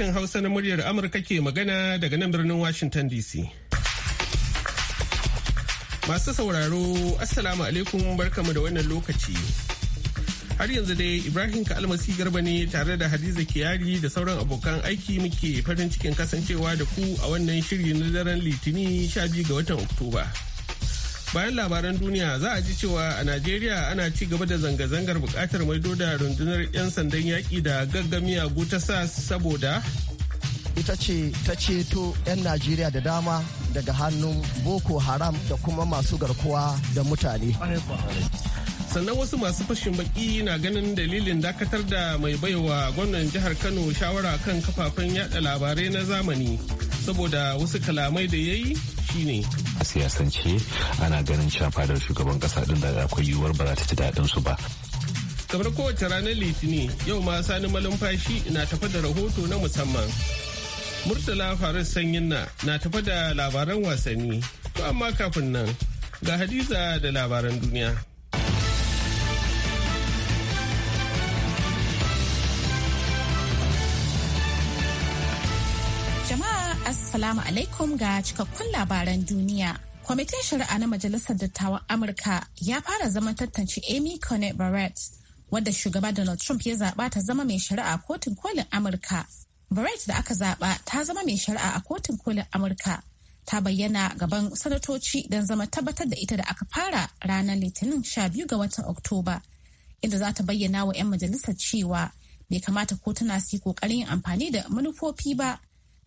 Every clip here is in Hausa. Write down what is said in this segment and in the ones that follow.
sashen Hausa na muryar Amurka ke magana daga nan birnin Washington DC. Masu sauraro, Assalamu alaikum barkamu da wannan lokaci. Har yanzu dai Ibrahim ka'almasi Garba ne tare da Hadiza Kiyari da sauran abokan aiki muke farin cikin kasancewa da ku a wannan shiri na daren Litini 12 ga watan Oktoba. bayan labaran duniya za a ji cewa a najeriya ana ci gaba da zanga-zangar bukatar maido da rundunar 'yan sandan yaƙi da gaggamiya ta sa saboda ita ce ta ceto 'yan najeriya da dama daga hannun boko haram da kuma masu garkuwa da mutane sannan wasu masu fashin baki na ganin dalilin dakatar da mai baiwa gwamnan jihar kano shawara kan kafafen yada labarai na zamani saboda wasu kalamai da ya yi shine a siyasance ana ganin cewa fadar shugaban kasa din da akwai yiwuwar ba ta ci daɗin su ba kamar kowace ranar litinin yau ma sani malumfashi na tafa da rahoto na musamman murtala faris sanyin na na tafa da labaran wasanni to amma kafin nan ga hadiza da labaran duniya Assalamu alaikum ga cikakkun labaran duniya. Kwamitin Shari'a na Majalisar Dattawan Amurka ya fara zaman tantance Amy Coney Barrett, wadda shugaba Donald Trump ya zaɓa ta zama mai shari'a kotun kolin Amurka. Barrett da aka zaɓa ta zama mai shari'a a kotun kolin Amurka. Ta bayyana gaban sanatoci don zama tabbatar da ita da aka fara ranar Litinin 12 ga watan Oktoba, inda za ta bayyana wa 'yan majalisar cewa bai kamata kotuna su yi ƙoƙarin amfani da manufofi ba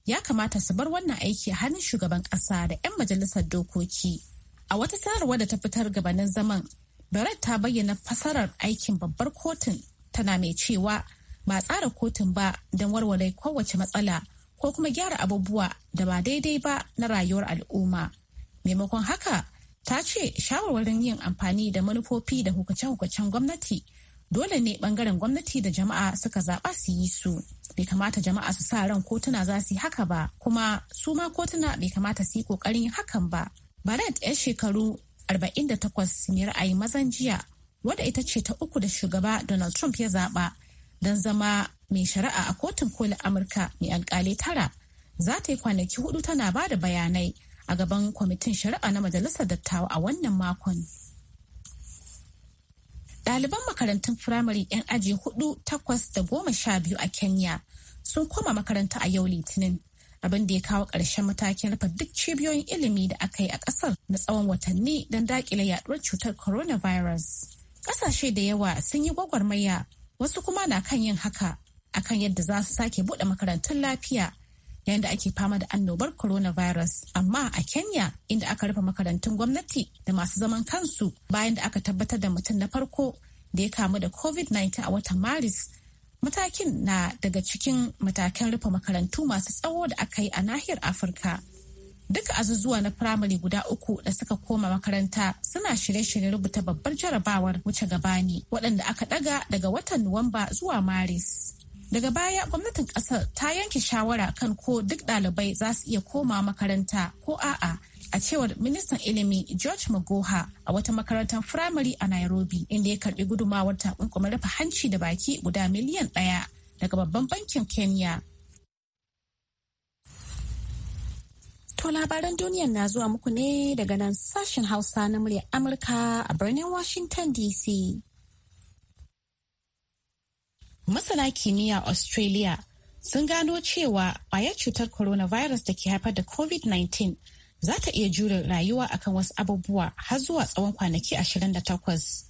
ya kamata su bar wannan aiki a hannun shugaban ƙasa da 'yan majalisar dokoki. A wata sanarwa da ta fitar gabanin zaman, Barrett ta bayyana fasarar aikin babbar kotun tana mai cewa ba tsara kotun ba don warware kowace matsala ko kuma gyara abubuwa da ba daidai ba na rayuwar al'umma. Maimakon haka, ta ce shawarwarin yin amfani da manufofi da hukace-hukacen gwamnati dole ne bangaren gwamnati da jama'a suka zaɓa su yi su bai kamata jama'a su sa ran kotuna za su yi haka ba kuma su ma kotuna bai kamata su yi kokarin hakan ba barat yar shekaru 48 ne ra'ayi mazan jiya wadda ita ce ta uku da shugaba donald trump ya zaɓa don zama mai shari'a a kotun kolin amurka mai alkali tara za ta yi kwanaki hudu tana ba da bayanai a gaban kwamitin shari'a na majalisar dattawa a wannan makon. Ɗaliban makarantun firamare 'yan aji hudu takwas da goma sha biyu a Kenya sun koma makaranta a yau Litinin. abin da ya kawo ƙarshen matakin rufe duk cibiyoyin ilimi da aka yi a ƙasar na tsawon watanni don daƙile yaɗuwar cutar coronavirus. Ƙasashe da yawa sun yi gwagwarmaya wasu kuma na kan yin haka akan yadda za su sake buɗe makarantun lafiya yayin da ake fama da annobar coronavirus amma a kenya inda aka rufe makarantun gwamnati da masu zaman kansu bayan da aka tabbatar da mutum na farko da ya kamu da covid-19 a watan maris matakin na daga cikin matakan rufe makarantu masu tsawo da aka yi a nahiyar afirka duka azuzuwa na firamare guda uku da suka koma makaranta suna shirye shiryen rubuta babbar jarabawar wuce gabani waɗanda aka ɗaga daga watan nuwamba zuwa maris daga baya gwamnatin kasar ta yanke shawara kan ko duk ɗalibai za su iya koma makaranta ko a'a a cewar ministan ilimi george magoha a wata makarantar firamare a nairobi inda ya karbi gudumawar takunkumin rufe hanci da baki guda miliyan ɗaya daga babban bankin kenya To labaran duniyar na zuwa muku ne daga nan sashen Hausa na muryar Amurka a birnin Washington DC. Masana kimiyya Australia sun gano cewa ƙwayar cutar coronavirus da ke haifar da COVID-19 za ta iya jure rayuwa akan wasu abubuwa har zuwa tsawon kwanaki 28.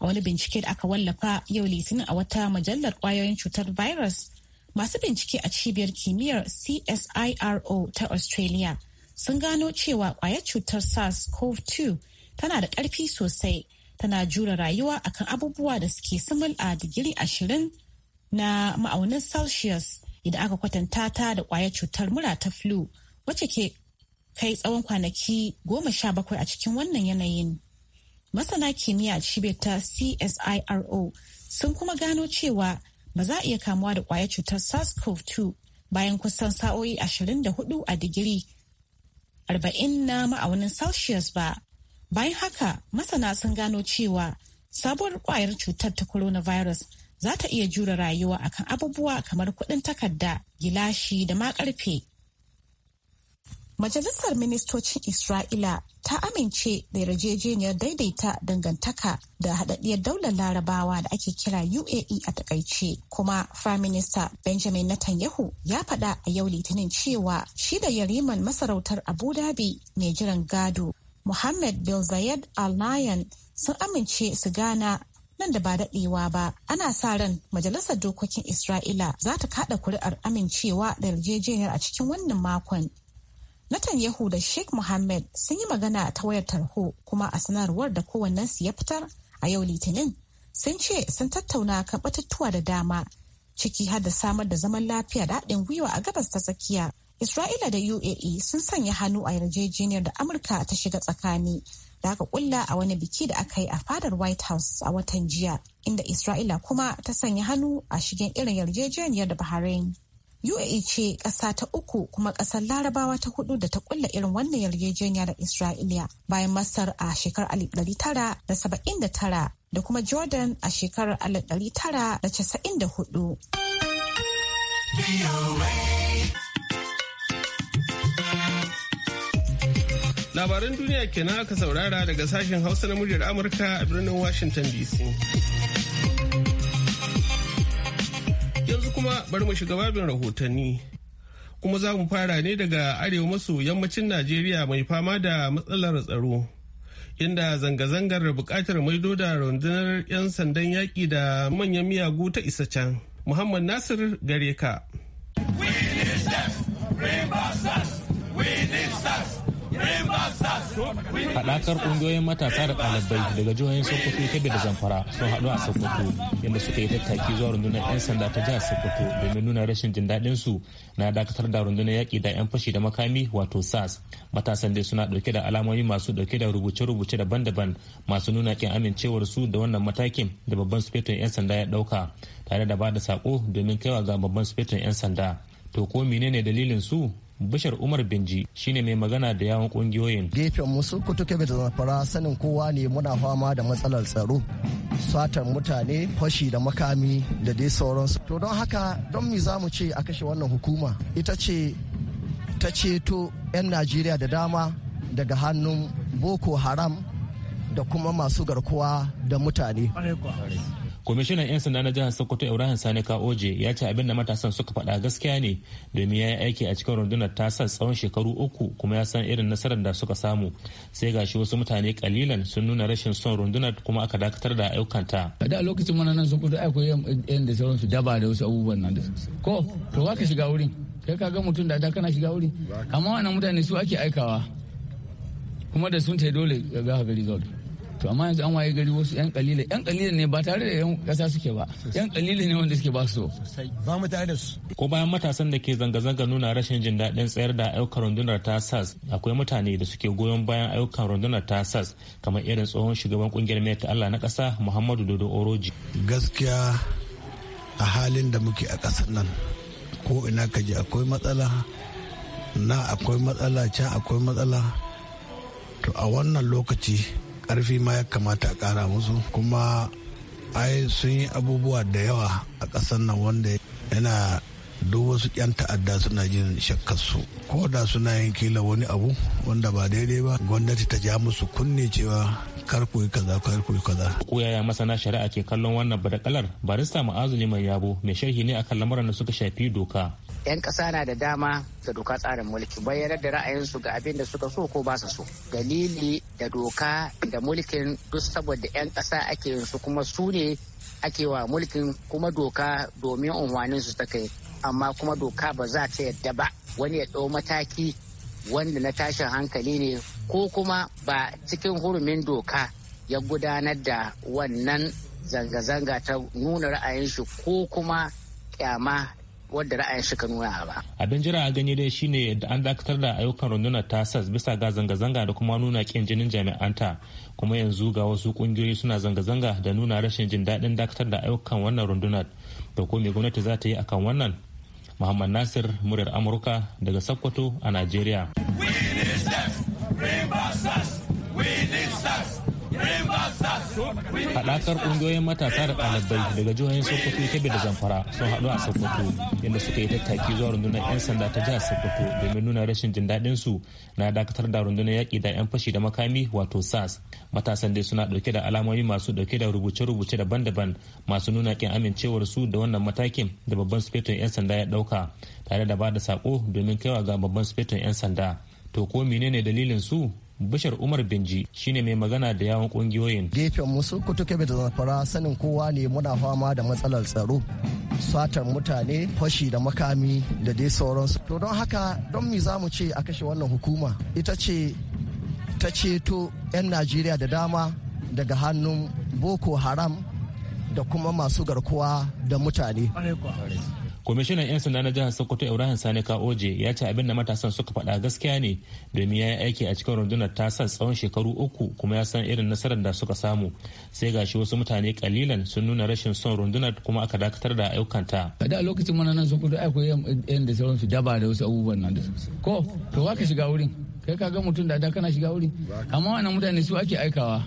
A wani bincike da aka wallafa yau litinin a wata majallar ƙwayoyin cutar virus masu bincike a cibiyar kimiyyar CSIRO ta Australia sun gano cewa ƙwayar cutar SARS-CoV-2 tana da ƙarfi sosai tana jure rayuwa akan abubuwa da suke simul a digiri ashirin na ma'aunin celsius idan aka kwatanta ta da kwayar cutar mura ta flu wacce ke kai tsawon kwanaki goma sha bakwai a cikin wannan yanayin masana kimiyya cibiyar ta csiro sun kuma gano cewa ba za a iya kamuwa da kwayar cutar sars-cov-2 bayan kusan sa'o'i 24 a digiri 40 na ma'aunin celsius ba bayan haka masana sun gano cewa sabuwar kwayar cutar ta coronavirus za ta iya jure rayuwa akan abubuwa kamar kuɗin takarda gilashi da ma Majalisar Ministocin Isra'ila ta amince da yarjejeniyar daidaita dangantaka da haɗaɗɗiyar daular larabawa da ake kira UAE a takaice. Kuma Prime Minister Benjamin Netanyahu ya faɗa a yau Litinin cewa shi da yariman masarautar Abu Dhabi mai jiran gado Mohammed bin Zayed Al nayan sun amince su gana nan da ba daɗewa ba ana sa ran majalisar dokokin isra'ila za ta kaɗa kuri'ar amincewa da yarjejeniyar a cikin wannan makon yahu da Sheikh Mohammed sun yi magana ta wayar tarho kuma a sanarwar da su ya fitar a yau Litinin sun ce sun tattauna kan batutuwa da dama ciki har da samar da zaman lafiya da haɗin gwiwa a gabas ta tsakiya. Isra'ila da UAE sun sanya hannu a yarjejeniyar da Amurka ta shiga tsakani da aka kulla a wani biki da aka yi a fadar White House a watan jiya, inda Isra'ila kuma ta sanya hannu a shigen irin yarjejeniyar da Bahrain. UAE ce ƙasa ta uku kuma ƙasar larabawa ta hudu da ta kulla irin wannan yarjejeniya da Isra'ila bayan Masar a shekarar 1979 da kuma Jordan a shekarar 1994. labaran duniya kenan aka saurara daga sashen hausa na muryar amurka a birnin washington dc yanzu kuma bari mu shiga babin rahotanni kuma za mu fara ne daga arewa maso yammacin najeriya mai fama da matsalar tsaro inda zanga-zangar bukatar maido da rundunar 'yan sandan yaƙi da manyan miyagu ta isa can muhammad nasir gare ka We need steps, haɗakar ƙungiyoyin matasa da ɗalibai daga jihohin sokoto kebe da zamfara sun haɗu a sokoto yadda suka yi tattaki zuwa rundunar 'yan sanda ta jihar sokoto domin nuna rashin jin daɗin su na dakatar da rundunar yaƙi da 'yan fashi da makami wato sas matasan dai suna ɗauke da alamomi masu ɗauke da rubuce-rubuce daban-daban masu nuna ƙin amincewar su da wannan matakin da babban sufetin 'yan sanda ya ɗauka tare da ba da saƙo domin kaiwa ga babban sufetin 'yan sanda to ko menene dalilin su Bishar Umar binji shine mai magana da yawon kungiyoyin. Gefen musu kebe da zamfara sanin kowa ne muna fama da matsalar tsaro, satar mutane, fashi da makami da dai sauransu. To don haka don mi za mu ce a kashe wannan hukuma ita ce ta ceto 'yan Najeriya da dama daga hannun Boko Haram da kuma masu garkuwa da mutane. kwamishinan 'yan sanda na jihar sokoto ibrahim sani oje ya ce abin da matasan suka faɗa gaskiya ne domin ya yi aiki a cikin rundunar tasar tsawon shekaru uku kuma ya san irin nasarar da suka samu sai gashi wasu mutane kalilan sun nuna rashin son rundunar kuma aka dakatar da ayyukanta da a lokacin mana nan sokoto ai aiko yan da sauransu daba da wasu abubuwan nan da ko to ka shiga wurin kai ka ga mutum da da kana shiga wurin amma wannan mutane su ake aikawa kuma da sun ta dole ga ga result to amma yanzu an waye gari wasu yan kalila yan kalila ne ba tare da yan kasa suke ba yan kalila ne wanda suke ba su ba mu tare da su ko bayan matasan da ke zanga-zanga nuna rashin jin daɗin tsayar da ayyukan rundunar ta sas akwai mutane da suke goyon bayan ayyukan rundunar ta sas kamar irin tsohon shugaban kungiyar mai ta Allah na ƙasa Muhammadu Dodo Oroji gaskiya a halin da muke a ƙasar nan ko ina ka je akwai matsala na akwai matsala can akwai matsala to a wannan lokaci karfi ma ya kamata a kara musu kuma ai sun yi abubuwa da yawa a ƙasar nan wanda yana duk wasu 'yan ta'adda suna jin shakkarsu ko da suna yin kila wani abu wanda ba daidai ba gwamnati ta ja musu kunne cewa kar ku yi kaza kar ku yi kaza ko masana shari'a ke kallon wannan badakalar barista ma'azuli mai yabo mai sharhi ne akan lamuran da suka shafi doka 'yan ƙasa na da dama da doka tsarin mulki bayyanar da ra'ayinsu ga abin da suka so ko ba su so dalili da doka da mulkin duk saboda 'yan ƙasa ake yin su kuma su ne ake wa mulkin kuma doka domin unwanin su ta kai amma kuma doka ba za ta yadda ba wani ya ɗau mataki wanda na tashin hankali ne ko kuma ba cikin hurumin doka ya gudanar da wannan zanga-zanga ta nuna ra'ayin shi ko kuma kyama wadda ra'ayin shi nuna ba. Abin jira a gani dai shine da an dakatar da ayyukan rundunar ta SAS bisa ga zanga-zanga da kuma nuna kin jinin jami'anta kuma yanzu ga wasu kungiyoyi suna zanga-zanga da nuna rashin jin daɗin dakatar da ayyukan wannan rundunar da ko me gwamnati za ta yi akan wannan. Muhammad Nasir muryar Amurka daga Sokoto a Najeriya. We need SAS! We need SAS! We need SAS! haɗakar ƙungiyoyin matasa da ɗalibai daga jihohin sokoto kebe da zamfara sun haɗu a sokoto inda suka yi tattaki zuwa rundunar 'yan sanda ta jihar sokoto domin nuna rashin jin daɗin su na dakatar da rundunar yaƙi da 'yan fashi da makami wato sas matasan dai suna dauke da alamomi masu dauke da rubuce-rubuce daban-daban masu nuna ƙin amincewar su da wannan matakin da babban sufetin 'yan sanda ya ɗauka tare da ba da saƙo domin kaiwa ga babban sufetin 'yan sanda to ko menene dalilin su Bashar Umar Benji shine mai magana da yawan kungiyoyin. Gefen musu kutuke kebe da zamfara sanin kowa ne muna fama da matsalar tsaro. Satar mutane, fashi da makami da dai sauransu. To don haka don mi za mu ce a kashe wannan hukuma ita ce ta ceto 'yan Najeriya da dama daga hannun Boko Haram da kuma masu garkuwa da mutane. kwamishinan 'yan sanda na jihar sokoto ibrahim sani oje ya ce abin da matasan suka faɗa gaskiya ne domin ya yi aiki a cikin rundunar tasar tsawon shekaru uku kuma ya san irin nasarar da suka samu sai gashi wasu mutane kalilan sun nuna rashin son rundunar kuma aka dakatar da ayyukanta da a lokacin mana nan sokoto yi yan da sauransu daba da wasu abubuwan nan da ko to ka shiga wurin kai ka ga mutum da da kana shiga wurin amma wannan mutane su ake aikawa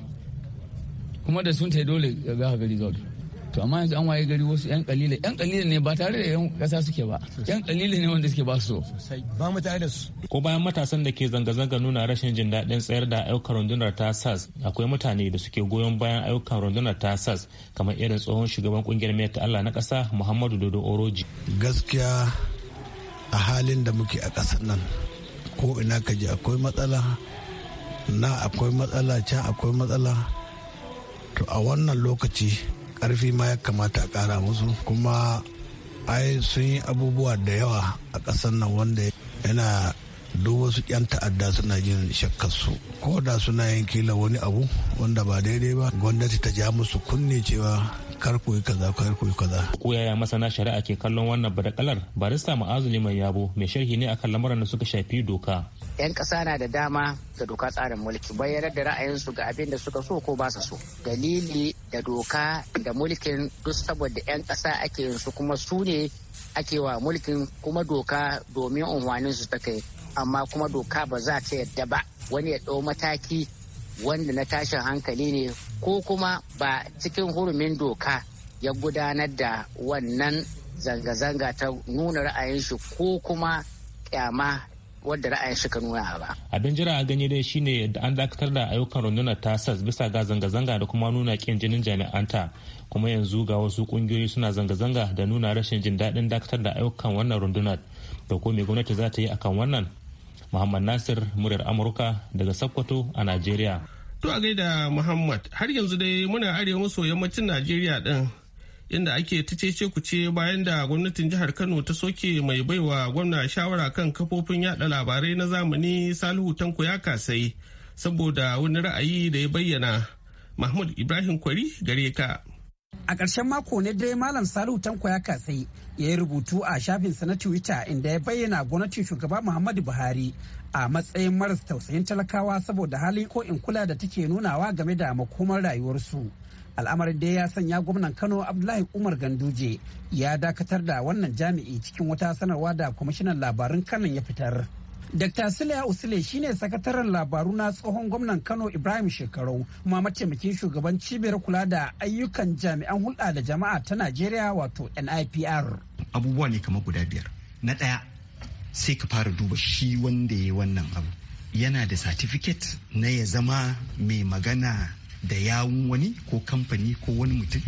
kuma da sun ta dole ga gari zaune to amma yanzu an waye gari wasu yan kalila yan kalila ne ba tare da yan kasa suke ba yan kalila ne wanda suke ba su ba mu tare da su ko bayan matasan da ke zanga-zanga nuna rashin jin daɗin tsayar da ayyukan rundunar ta sas akwai mutane da suke goyon bayan ayyukan rundunar ta sas kamar irin tsohon shugaban kungiyar mayar ta Allah na ƙasa Muhammadu Dodo Oroji gaskiya a halin da muke a ƙasar nan ko ina ka ji akwai matsala na akwai matsala can akwai matsala to a wannan lokaci karfi ma ya kamata a kara musu kuma ai sun yi abubuwa da yawa a ƙasar nan wanda yana duk wasu yan ta'adda suna yin shakkarsu ko da suna yin kila wani abu wanda ba daidai ba gwamnati ta ja musu kunne cewa kar ku yi kaza kar ku yi kaza ko masana shari'a ke kallon wannan badakalar barista ma'azu mai yabo mai sharhi ne akan lamuran da suka shafi doka 'yan ƙasa na da dama ga doka tsarin mulki bayyanar da ra'ayinsu ga abin da suka so ko ba su so dalili da doka da mulkin duk saboda 'yan ƙasa ake yin su kuma su ne ake wa mulkin kuma doka domin unwanin su ta kai amma kuma doka ba za ta yadda ba wani ya ɗau mataki wanda na tashin hankali ne ko kuma ba cikin hurumin doka ya gudanar da wannan zanga-zanga ta nuna ra'ayin shi ko kuma kyama wadda ra'ayin suka nuna ba. Abin jira a gani dai shine da an dakatar da ayyukan rundunar ta bisa ga zanga-zanga da kuma nuna kin jinin jami'anta kuma yanzu ga wasu kungiyoyi suna zanga-zanga da nuna rashin jin daɗin dakatar da ayyukan wannan rundunar da ko me gwamnati za ta yi akan wannan. Muhammad Nasir muryar Amurka daga Sokoto a Najeriya. To a gaida Muhammad har yanzu dai muna arewa maso yammacin Najeriya din inda ake ta cece ce bayan da gwamnatin jihar kano ta soke mai baiwa gwamna shawara kan kafofin yada labarai na zamani salihu tanko ya kasai saboda wani ra'ayi da ya bayyana mahmud ibrahim kwari gare ka a ƙarshen mako ne dai malam salihu tanko ya kasai ya yi rubutu a shafin shafinsa na twitter inda ya bayyana gwamnatin shugaba muhammadu buhari a matsayin maras tausayin talakawa saboda halin ko in kula da take nunawa game da makomar rayuwarsu al'amarin da ya sanya gwamnan kano abdullahi umar ganduje ya dakatar da wannan jami'i cikin wata sanarwa da kwamishinan labarun kanan ya fitar Dr. Sule usile shine sakataren labaru na tsohon gwamnan Kano Ibrahim Shekarau kuma mataimakin shugaban cibiyar kula da ayyukan jami'an hulɗa da jama'a ta Najeriya wato NIPR. Abubuwa ne kamar guda biyar. Na ɗaya sai ka fara duba shi wanda ya yi wannan abu. Yana da satifiket na ya zama mai magana da yawun wani ko kamfani ko wani mutum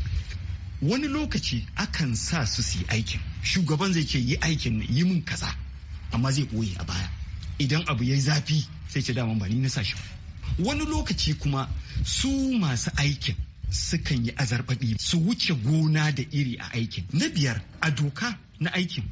wani lokaci akan sa su su yi aikin shugaban zai ce yi aikin yi mun kaza amma zai ɓoye a baya idan abu ya yi zafi sai ce daman bani na sa shi wani lokaci kuma su masu aikin sukan yi azarbaɓi su wuce gona da iri a aikin na biyar a doka na aikin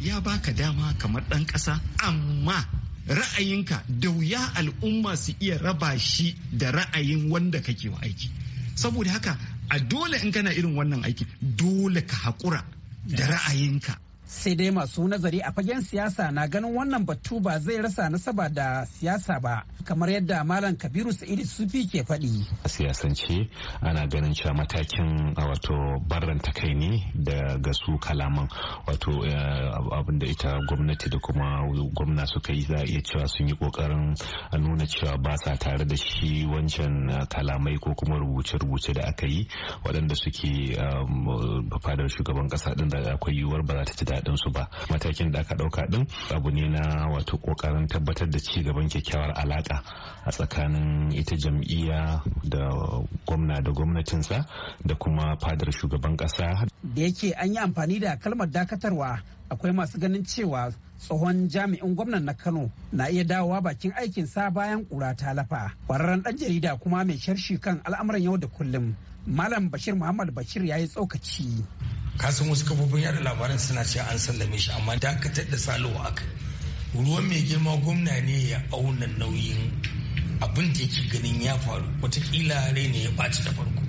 ya baka dama kamar ɗan ƙasa amma ra'ayinka da wuya al'umma su iya raba shi da ra'ayin wanda kake wa aiki saboda haka a dole in kana irin wannan aiki dole ka haƙura da ra'ayinka sai dai masu nazari a fagen siyasa na ganin wannan batu ba zai rasa nasaba da siyasa ba kamar yadda malam kabiru sa'idu sufi ke faɗi. siyasance ana ganin cewa matakin a wato barranta kai ne daga su kalaman wato eh, abin da ita gwamnati da kuma gwamna suka yi za a iya cewa sun yi kokarin nuna cewa ba sa tare da shi wancan kalamai ko kuma rubuce-rubuce da aka yi waɗanda suke um, fadar shugaban ƙasa ɗin da akwai yiwuwar ba za ta ci daɗin su ba matakin da aka ɗauka ɗin abu ne na wato ƙoƙarin tabbatar da ci gaban kyakkyawar alaƙa a tsakanin ita jam'iyya da gwamna da gwamnatinsa da kuma fadar shugaban ƙasa. Da yake an yi amfani da kalmar dakatarwa akwai masu ganin cewa tsohon jami'in gwamnan na kano na iya dawowa bakin aikin sa bayan ƙura ta lafa ƙwararren ɗan jarida kuma mai sharshi kan al'amuran yau da kullum malam bashir muhammad bashir ya yi tsokaci kasan wasu kafofin yada labaran suna cewa an sallame shi amma dakatar da salihu aka ruwan mai girma gwamna ne ya auna nauyin abin da yake ganin ya faru watakila rai ne ya ɓaci da farko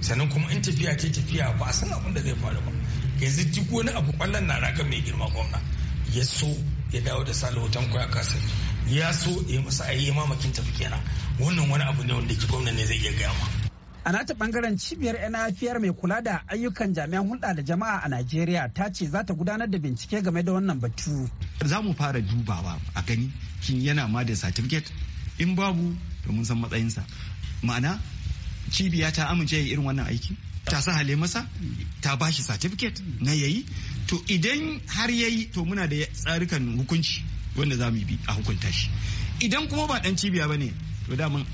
sannan kuma in tafiya ce tafiya ba a san abin da zai faru ba yanzu duk wani abu kwallon na raka mai girma gwamna ya so ya dawo da salihu tan ya kasa ya so ya masa ayi mamakin tafi kenan wannan wani abu ne wanda ki gwamna ne zai iya gaya ma a nata bangaren cibiyar nafiyar mai kula da ayyukan jami'an hulɗa da jama'a a najeriya ta ce za ta gudanar da bincike game da wannan batu za mu fara dubawa a gani kin yana ma da certificate in babu to mun san matsayinsa ma'ana cibiya ta amince ya irin wannan aiki ta hale masa ta ba shi certificate na yayi to idan har yayi to muna da tsarukan hukunci wanda za mu bi a hukunta shi idan kuma ba dan cibiya bane to daman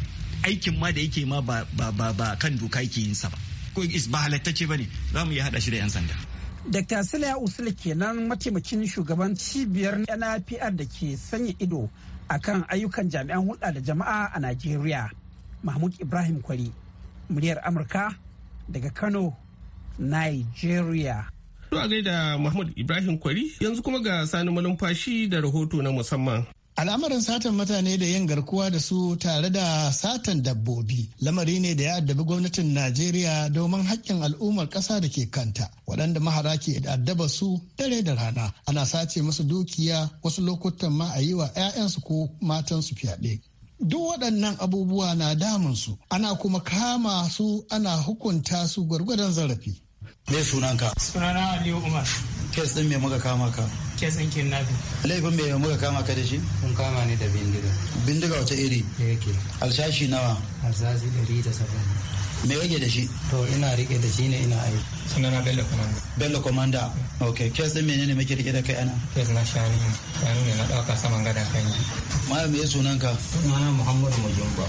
aikin ma da yake ma ba ba kan doka yake yin sa ba ko ba halattace ba ne za mu iya haɗa shi da 'yan sanda. Dr. Sila Usul kenan mataimakin shugaban cibiyar NAPR da ke sanya ido akan ayyukan jami'an hulɗa da jama'a a Najeriya. Mahmud Ibrahim Kwari, muryar Amurka daga Kano, Nigeria. Zuwa gaida Mahmud Ibrahim Kwari yanzu kuma ga sani malumfashi da rahoto na musamman. Al'amarin satan mutane da yin garkuwa da su tare da satan dabbobi lamari ne da ya addabi gwamnatin Najeriya domin haƙƙin al'ummar ƙasa da ke kanta waɗanda mahara ke addaba su dare da rana ana sace musu dukiya wasu lokutan ma a yi wa 'ya'yansu ko matansu fyaɗe. Duk waɗannan abubuwa na damun su ana kuma kama su ana hukunta su gwargwadon zarafi. Me sunanka? Sunana Aliyu Umar. kes din me muka kama ka kes din kidnapping laifin me muka kama ka da shi kun kama ne da bindiga bindiga wata iri yake alshashi nawa alshashi 170 me yake da shi to ina rike da shi ne ina aiki sunana bello commander bello commander ok kes din menene muke rike da kai ana kes na shani shani ne na dauka saman gadan kan yi malam me sunan ka sunana muhammadu mujumba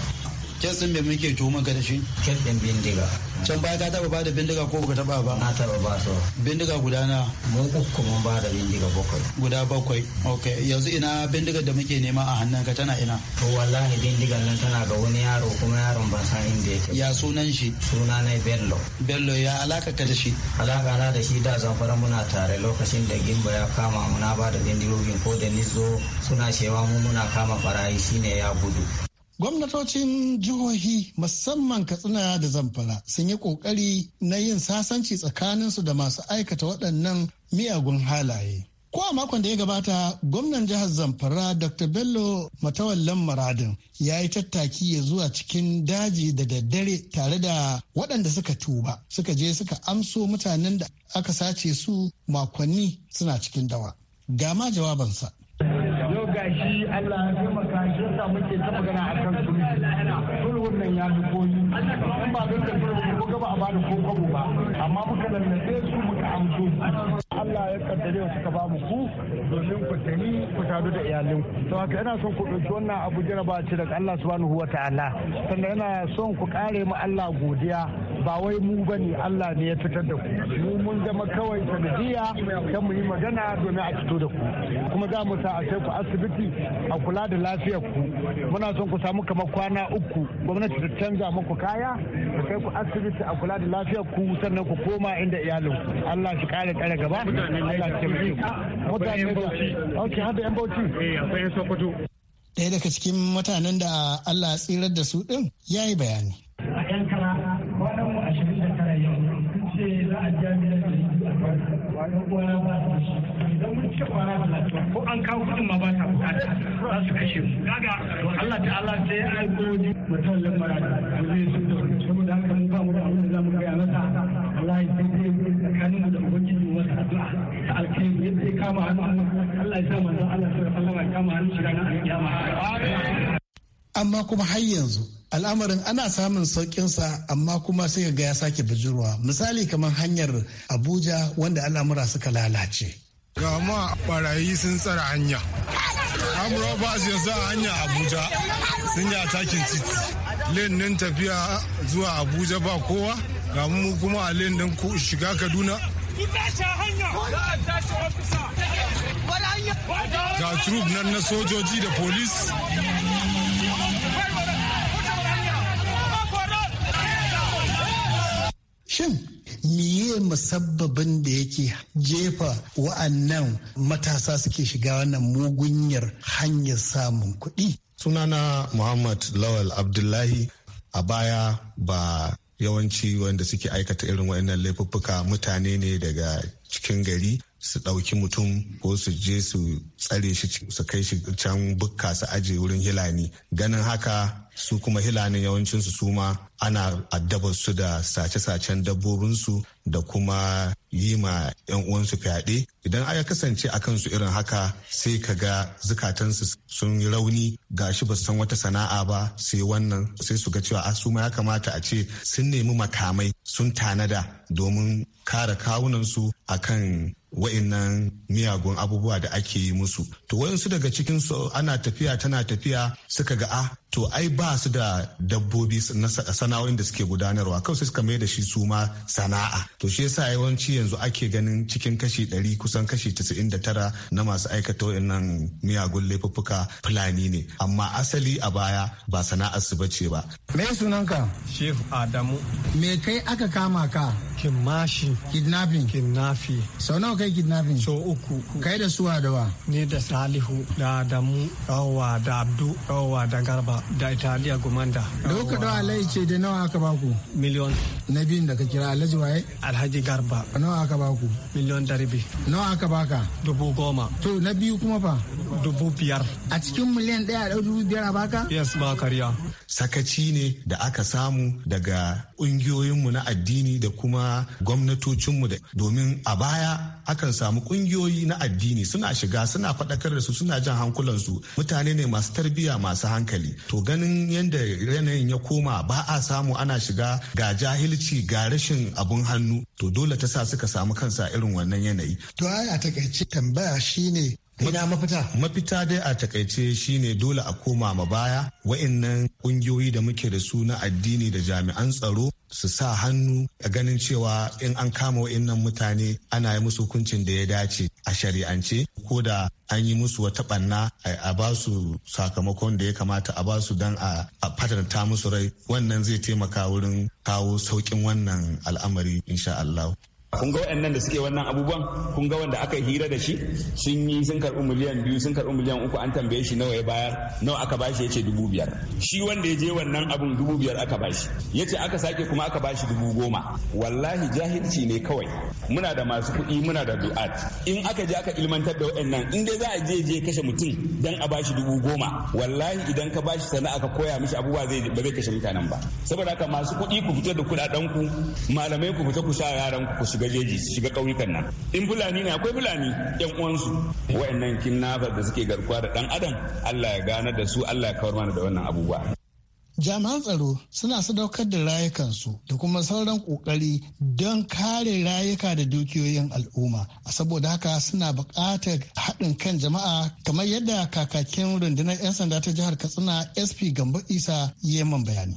kes din me muke tuhuma ka da shi kes din bindiga can baya ka taba bada bindiga ko ka taba ba na taba ba so bindiga guda na mu uku mun bada bindiga bakwai guda bakwai okay yanzu ina bindigar da muke nema a hannun ka tana ina to wallahi bindigar nan tana ga wani yaro kuma yaron ba san inda yake ya sunan shi suna na bello bello ya alaka ka da shi alaka na da shi da zamfara muna tare lokacin da gimba ya kama muna bada bindigogin ko da nizo suna cewa mu muna kama barayi shine ya gudu Gwamnatocin jihohi musamman Katsina da Zamfara sun yi ƙoƙari na yin sasanci tsakaninsu da masu aikata waɗannan miyagun halaye. Ko a makon da ya gabata, gwamnan jihar Zamfara Dr. Bello Matawallan Maradin ya yi tattaki ya zuwa cikin daji da daddare tare da waɗanda suka tuba, suka je suka amso mutanen da aka sace su makonni suna cikin dawa. Gama jawabansa. Allah gurbin nan ya fi koyi in ba don da gurbin ba gaba a bada ko kwabo ba amma muka lallabe su muka amso Allah ya kaddare wa ka ba mu ku domin ku tafi ku sadu da iyalin to haka ina son ku dauki wannan abu jaraba ce daga Allah subhanahu wa ta'ala sannan ina son ku kare mu Allah godiya ba wai mu bane Allah ne ya fitar da ku mu mun zama kawai sanadiyya kan mu yi magana domin a fito da ku kuma za mu sa a kai ku asibiti a kula da lafiyar ku muna son ku samu kamar kwana uku gwamnati ta canza muku kaya ku kai ku asibiti a kula da lafiyar ku sannan ku koma inda iyalin Allah shi kare kare gaba Eh, ɗaya daga cikin mutanen da Allah tsirar da su ɗin ya yi bayani. A ‘yan kara, kwanan mu ashirin da kara yau, sun ce za a jami'ar da yi a kwanan, kwana ba su ko an kawo kudin ma ba ta bukata za su kashe mu kaga Allah ta'ala sai ya aiko mutum lamara da zai su da saboda haka mun ba mu da abin da za mu gaya masa wallahi sai dai mu da ubangiji mu wasa addu'a ta alkhairi ne ya kama hannu Allah ya sa manzon Allah sallallahu alaihi kama hannu shi ranar alkiyama amma kuma har yanzu al'amarin ana samun sauƙinsa amma kuma sai ga ya sake bijirwa misali kamar hanyar abuja wanda al'amura suka lalace ga ma barayi sun tsara hanya amurwa ba su yanzu a hanya abuja sun yi atakin titi len nan tafiya zuwa abuja ba kowa ga mu kuma a len nan shiga kaduna ga troop nan na sojoji da polis shin miye musabbabin da yake jefa wa'annan matasa suke shiga wannan mugunyar hanyar samun kuɗi sunana muhammad lawal abdullahi a baya ba yawanci wanda suke aikata irin wa'annan laifuffuka mutane ne daga cikin gari su ɗauki mutum ko su je su tsare shi su kai shi can bukka su aje wurin hilani ganin haka su kuma hilanin yawancinsu su ma ana addabarsu da sace-sacen dabbobinsu da kuma yi ma 'yan uwansu fyaɗe idan aka kasance a kansu irin haka sai ka ga zukatansu sun yi rauni ga shi ba san wata sana'a ba sai wannan sai su ga cewa a ah, su ma ya kamata a ce sun nemi makamai sun tanada domin kare kawunansu kan. wa'annan miyagun abubuwa da ake yi musu to wayansu daga cikinsu ana tafiya tana tafiya suka ga a ah, to ai ba su da dabbobi sana'o'in da suke gudanarwa kawai sai suka mai da shi suma sana'a to shi yasa yawanci yanzu ake ganin cikin kashi ɗari kusan kashi casa'in da tara na masu aikata wayannan miyagun laifuffuka fulani ne amma asali a baya ba sana'ar su bace ba me sunanka Shef Adamu me kai aka kama ka Kimashi. Kidnapping. kidnapping Sau nawa kai kidnapping? Sau uku. Kai da suwa da wa? Ni da Salihu da Adamu yawa da Abdu yawa da Garba. da italiya gumanda da kuka dawa alai ce da nawa aka baku miliyon na biyun da ka kira alhaji waye alhaji garba nawa aka baku miliyon dari bi. nawa aka baka dubu goma to na biyu kuma fa dubu biyar a cikin miliyan daya da dubu biyar a baka yes ba kariya? sakaci ne da aka samu daga mu na addini da kuma gwamnatocinmu domin a baya akan samu kungiyoyi na addini suna shiga suna faɗakar da su suna jan hankulansu mutane ne masu tarbiyya masu hankali to ganin yadda yanayin ya koma ba a samu ana shiga ga jahilci ga rashin abun hannu to dole ta sa suka samu kansa irin wannan yanayi. to a takaice tambaya shine ina mafita mafita dai a takaice shine dole a koma ma baya wa'annan kungiyoyi da muke da su na addini da jami'an tsaro su sa hannu a ganin cewa in an kama waɗannan mutane ana yi musu hukuncin da ya dace a shari'ance ko da an yi musu wata ɓanna a ba su sakamakon da ya kamata a ba su don a fatanta musu rai wannan zai taimaka wurin kawo saukin wannan al'amari insha kun ga waɗannan da suke wannan abubuwan kun ga wanda aka hira da shi sun yi sun karɓi miliyan biyu sun karɓi miliyan uku an tambaye shi nawa ya bayar nawa aka ba shi ya ce dubu biyar shi wanda ya je wannan abun dubu biyar aka ba shi ya ce aka sake kuma aka ba shi dubu goma wallahi jahilci ne kawai muna da masu kuɗi muna da du'at in aka je aka ilmantar da waɗannan in dai za a je je kashe mutum dan a ba shi dubu goma wallahi idan ka ba shi sana'a ka koya mishi abubuwa zai ba zai kashe mutanen ba saboda haka masu kuɗi ku fitar da kuɗaɗen ku malamai ku fita ku sa yaran ku shiga jeji su shiga ƙauyukan nan in fulani ne akwai fulani yan uwansu wayannan kidnapper da suke garkuwa da dan adam Allah ya gana da su Allah ya kawar mana da wannan abubuwa jami'an tsaro suna sadaukar da rayukansu da kuma sauran kokari don kare rayuka da dukiyoyin al'umma a saboda haka suna bukatar haɗin kan jama'a kamar yadda kakakin rundunar 'yan sanda ta jihar katsina sp gambo isa yeman bayani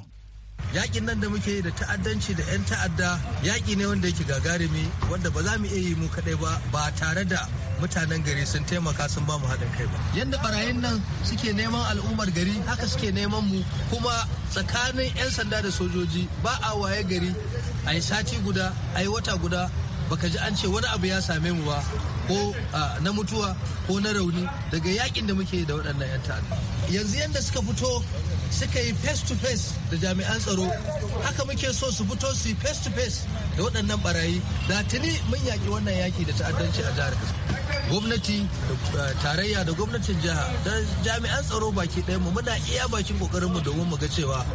yakin nan da muke da ta'addanci da 'yan ta'adda yaki ne wanda yake gagarumi wanda ba za mu iya yi mu kadai ba ba tare da mutanen gari sun taimaka sun ba mu haɗin kai ba yadda barayin nan suke neman al'ummar gari haka suke neman mu kuma tsakanin 'yan sanda da sojoji ba a waye gari a yi sati guda a yi wata guda baka ji an ce wani abu ya same mu ba ko na mutuwa ko na rauni daga yakin da muke da waɗannan 'yan ta'adda yanzu yadda suka fito suka yi face to face da jami'an tsaro haka muke so su fito su yi face to face da waɗannan barayi da tuni mun yaƙi wannan yaƙi da ta'addanci a jihar gwamnati eh, tarayya da gwamnatin jiha da jami'an tsaro baki ɗaya mu muna iya bakin kokarin mu domin mu ga cewa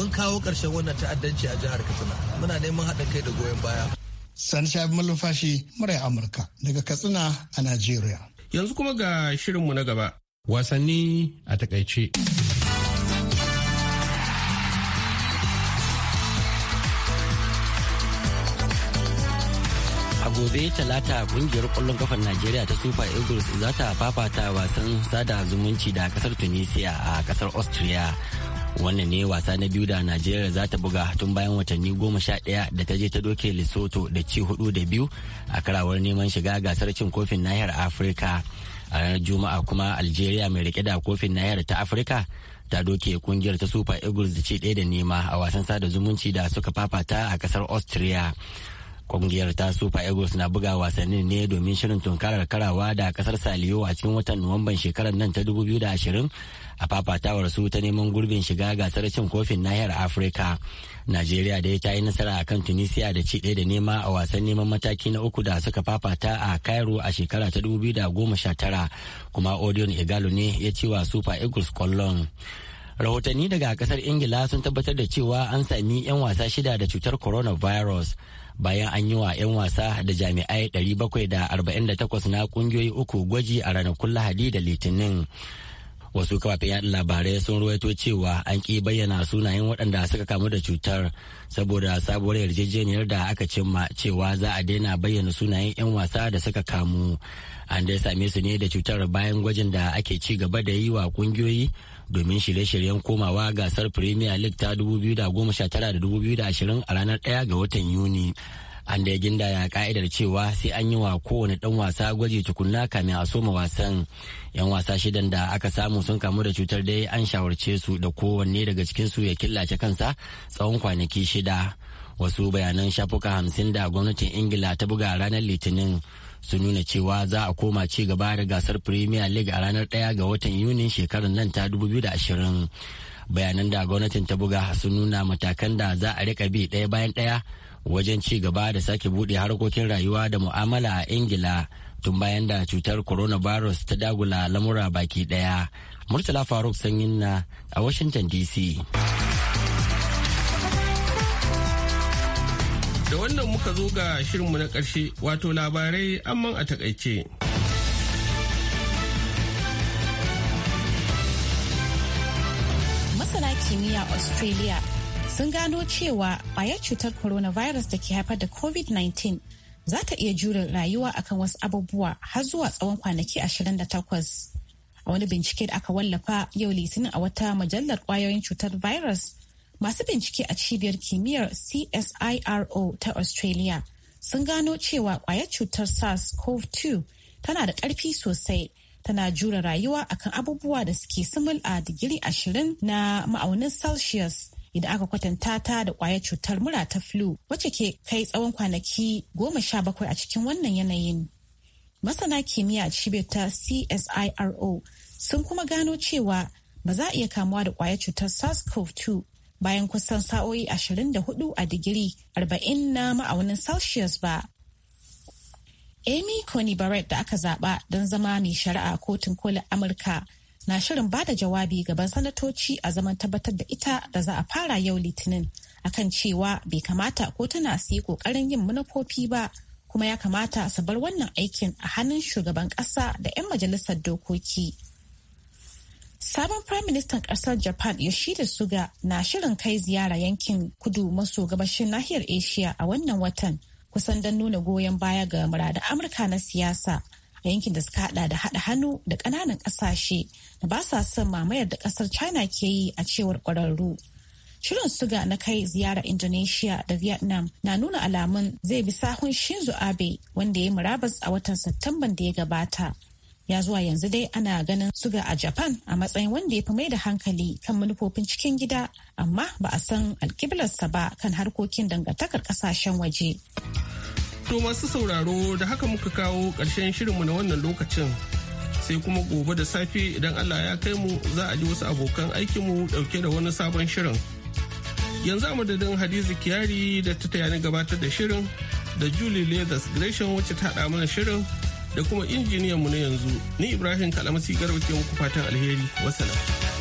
mun kawo ƙarshen wannan ta'addanci a jihar katsina muna neman haɗin kai da goyon baya sani shabi malumfashi murai amurka daga katsina a najeriya yanzu kuma ga shirinmu na gaba wasanni a takaice. gobe talata kungiyar kwallon kafar najeriya ta super eagles za ta fafata wasan sada zumunci da kasar tunisia a kasar austria wannan ne wasa na biyu da najeriya za ta buga tun bayan watanni goma sha daya da ta je ta doke lesotho da ci hudu da biyu a karawar neman shiga gasar cin kofin nahiyar afirka a ranar juma'a kuma algeria mai rike da kofin nahiyar ta afirka ta doke kungiyar ta super eagles da ci ɗaya da nema a wasan sada zumunci da suka fafata a kasar austria Kungiyar ta Super Eagles na buga wasannin ne domin shirin tunkarar karawa da kasar Saliyo a cikin watan Nuwamban shekarar nan ta 2020 a fafatawar su ta neman gurbin shiga gasar cin kofin nahiyar Afirka. Najeriya dai ta yi nasara akan Tunisia da ci ɗaya da nema a wasan neman mataki na uku da suka fafata a Cairo a shekara ta 2019 kuma Odion Igalo ne ya ci wa Super Eagles kwallon. rahotanni daga kasar ingila sun tabbatar da cewa an sami 'yan wasa shida da cutar coronavirus bayan an yi wa 'yan wasa da jami'ai 748 na kungiyoyi uku gwaji a ranakun lahadi da litinin wasu kafafen yaɗa labarai sun ruwaito cewa an ƙi bayyana sunayen waɗanda suka kamu da cutar saboda sabuwar yarjejeniyar da aka cimma cewa za a daina bayyana sunayen 'yan wasa da suka kamu an dai same su ne da cutar bayan gwajin da ake ci gaba da yi wa ƙungiyoyi domin shirye-shiryen komawa gasar premier league ta 2019 2020 a ranar 1 ga watan yuni an da ya ginda ya ka'idar cewa sai an yi wa kowane dan wasa gwaji tukunna kamin a soma wasan yan wasa shidan da aka samu sun kamu da cutar dai an shawarce su da kowanne daga cikinsu ya killace kansa tsawon kwanaki shida wasu bayanan shafuka hamsin da gwamnatin ingila ta buga ranar litinin sun nuna cewa za a koma ci gaba da gasar premier league a ranar 1 ga watan yunin shekarar nan ta 2020 bayanan da gwamnatin ta buga sun nuna matakan da za a rika bi ɗaya bayan ɗaya wajen ci gaba da sake buɗe harkokin rayuwa da mu'amala a ingila tun bayan da cutar coronavirus ta dagula lamura baki ɗaya murtala faruk sanyin na a washington dc Da wannan muka zo ga shirinmu na ƙarshe wato labarai amman a takaice. Masana kimiyya Australia sun gano cewa ƙwayar cutar coronavirus da ke haifar da COVID-19 za ta iya jure rayuwa akan wasu abubuwa har zuwa tsawon kwanaki 28. A wani bincike da aka wallafa yau litinin a wata majallar kwayoyin cutar virus Masu bincike a cibiyar kimiyyar CSIRO ta Australia sun gano cewa kwayar cutar SARS-CoV-2 tana da ƙarfi sosai tana jure rayuwa akan abubuwa da suke simul a digiri ashirin na ma'aunin celsius idan aka kwatanta ta da kwayar cutar mura ta flu wacce ke kai tsawon kwanaki goma sha bakwai a cikin wannan yanayin masana kimiyya cibiyar ta csiro sun kuma gano cewa ba za a iya kamuwa da kwayar cutar sars-cov-2 bayan kusan sa'o'i 24 a digiri 40 na ma'aunin celsius ba amy coney barrett da aka zaba don zama mai shari'a kotun kolin amurka na shirin ba da jawabi gaban sanatoci a zaman tabbatar da ita da za a fara yau litinin akan cewa bai kamata ko tana su yi kokarin yin manufofi ba kuma ya kamata su bar wannan aikin a hannun shugaban kasa da 'yan majalisar dokoki. Sabon Prime Minister ƙasar Japan Yoshida Suga na shirin kai ziyara yankin kudu maso gabashin nahiyar Asia a wannan watan kusan don nuna goyon baya ga murada Amurka na siyasa a yankin da suka hada da hada hannu da ƙananan ƙasashe da ba sa son mamayar da ƙasar China ke yi a cewar ƙwararru. Shirin suga na kai ziyara Indonesia da Vietnam na nuna alamun zai bi sahun Shinzo Abe wanda ya yi murabas a watan Satumban da ya gabata ya zuwa yanzu dai ana ganin suga a japan a matsayin wanda ya fi mai da hankali kan manufofin cikin gida amma ba a san alkiblarsa ba kan harkokin dangantakar kasashen waje to masu sauraro da haka muka kawo ƙarshen shirinmu na wannan lokacin sai kuma gobe da safe idan allah ya kai mu za a ji wasu abokan aikinmu ɗauke da wani sabon shirin yanzu a madadin hadiza kiyari da ta tayani gabatar da shirin da julie leathers gresham wacce ta haɗa mana shirin da kuma injiniyan mu na yanzu ni ibrahim kalamasi garba ke muku fatan alheri wasalam